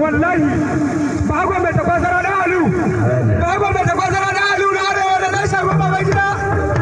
wallahi bago mai takwasara da alu bago mai takwasara da alu na arewa da zai ko babai gida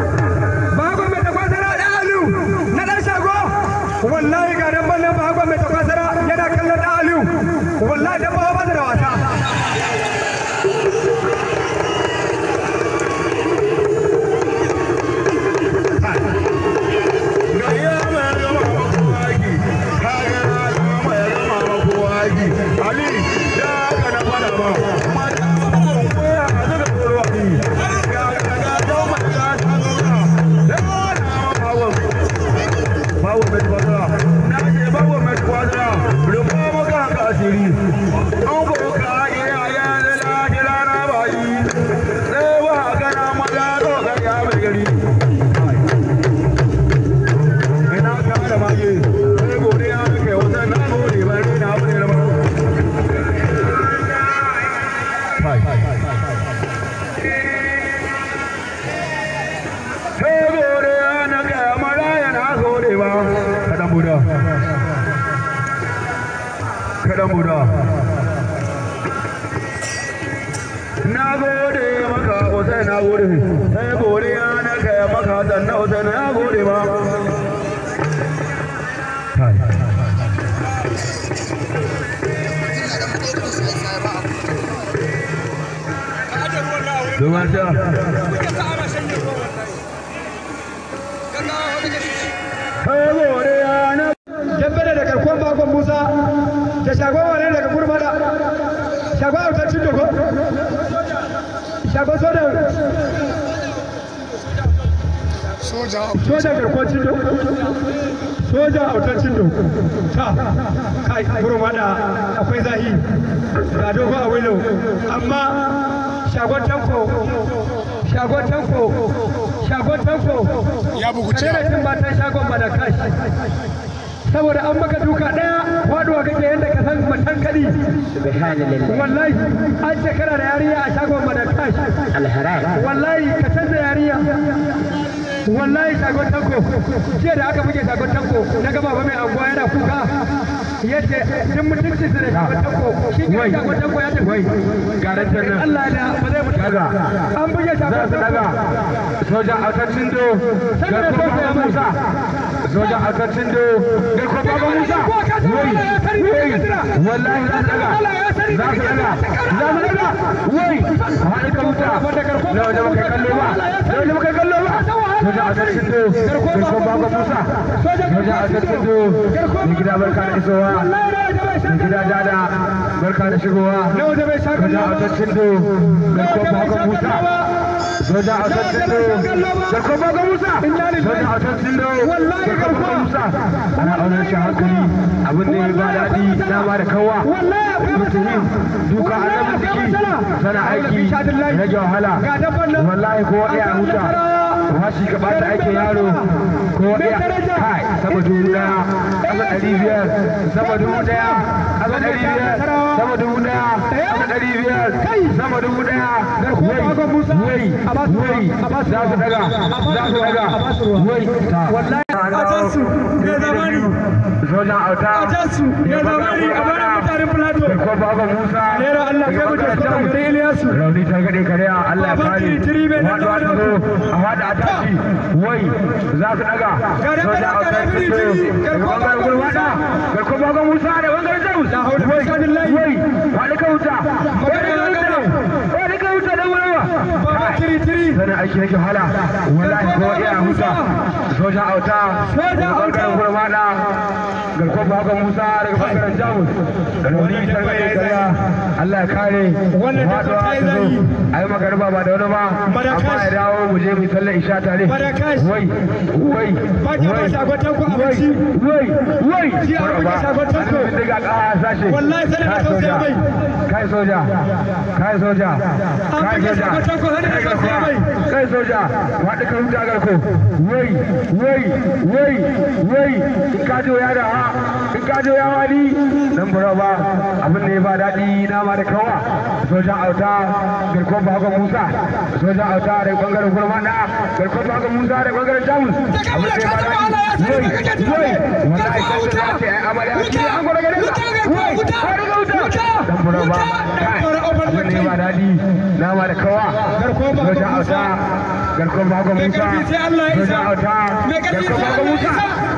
Dauda. Na gode maka Hussein na gode. Sai godiya na maka Hassan na Hussein na gode ma. Zuwa soja soja garkwacin ta kai akwai zahi ga dogo a wilo amma shagon tanko shagon ya bugu cera cin matan shagon ba da kashi saboda an maka duka daya faduwa kake yadda ka san mutan kadi wallahi an shekara da yariya a shagon madakash wallahi ka canza yariya wallahi shagon tanko jiya da aka buge shagon tanko na gaba ba mai anguwa yana kuka yace din mutunci su da shagon tanko shi ke shagon tanko ya tafi garan nan Allah da ba zai mutu ba an buge shagon tanko soja a kan cindo garkuwa musa sojan asarcin da da ko baba musa wai wai wallahi za su daga za su daga za su daga wai haɗe kallo ba na wajen baka kallo ba sojan musa sojan asarcin da mai gida barka da isowa mai musa Soja a san da Musa ana aunar shi hakari abin da ya ba daɗi ya ba da kawa musulmi duka a nan jiki sana aiki rage wahala wallahi kowa ɗaya huta amma shi ka bata aikin yaro ko ɗaya kai sama dubu ɗaya ƙasa ɗari biyar sama dubu ɗaya ƙasa ɗari biyar sama dubu ɗaya ƙasa ɗari biyar sama dubu ɗaya wai wai wai za su daga za su daga wai ta kwatansu ya ya a bana mutanen plato alera allah kai mutum kuka gare iliyasu rauni ta gade kare allah a wadda a wai za su daga soja a kai su musa da bangaren jarus wai wai sana aiki nake hala wallahi ko iya musa sojan auta sojan auta gurmada ga kofa musa daga bangaren jamus da kare faduwa yi ba da wani ba amma ya wai wai wai wai wai wai kai ha in ya wani nan bura ba abin da ya ba daɗi nama da kawa sojan auta garkon bagon musa sojan auta da bangaren gurma na garkon bagon musa da bangaren jamus abin da ya ba daɗi wai wai wani aikin da ce ai amare a cikin an gwada gare wai har da wuta nan bura ba abin da ya ba daɗi nama da kawa sojan auta garkon bagon musa sojan auta garkon bagon musa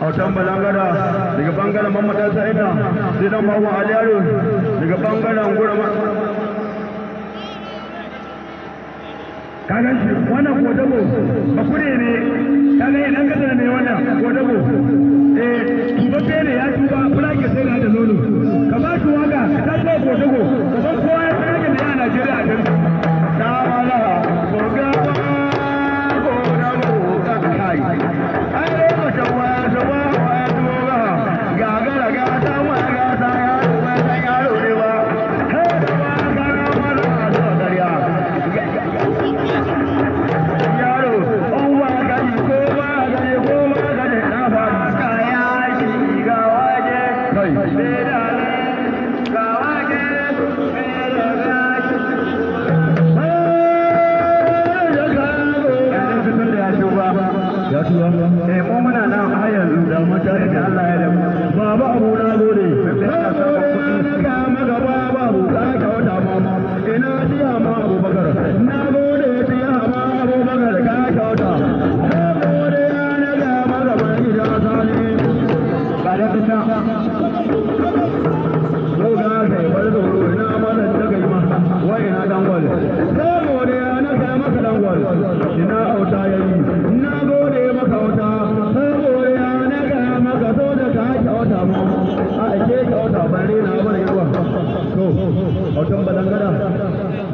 Hassan Balangada Daga panggalan Mama Tan Saida Dia bawa Ali Arun Daga panggalan Gura Mak Kagan Wana Kuatamu Bakuri ni Kagan eh ko muna nan ya yanzu ya mutane ya Allah ya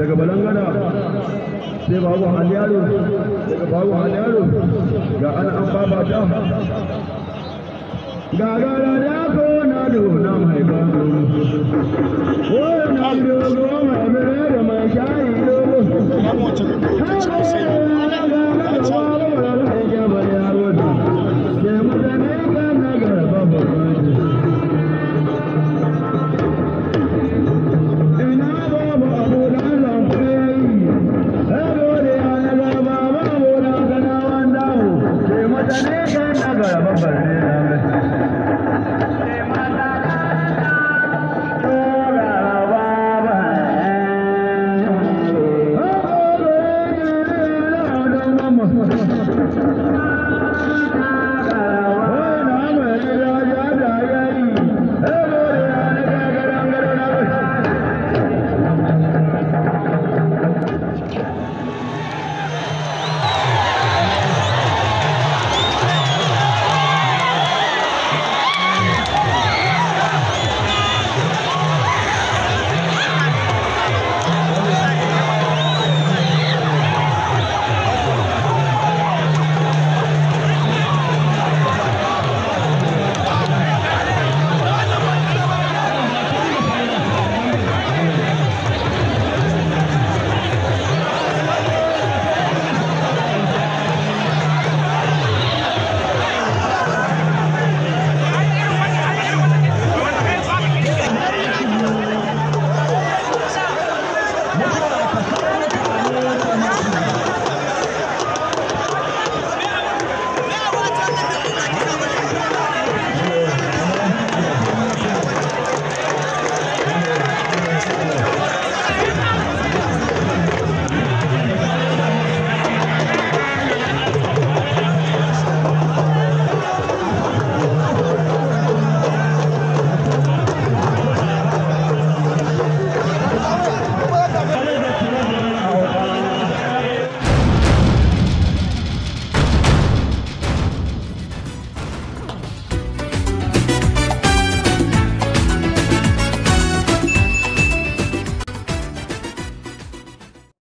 daga balangana sai babu hanyaro daga babu hanyaro ga an an baba ta ga gara da ko na mai gano ko na dogo mai mere da mai shayi dogo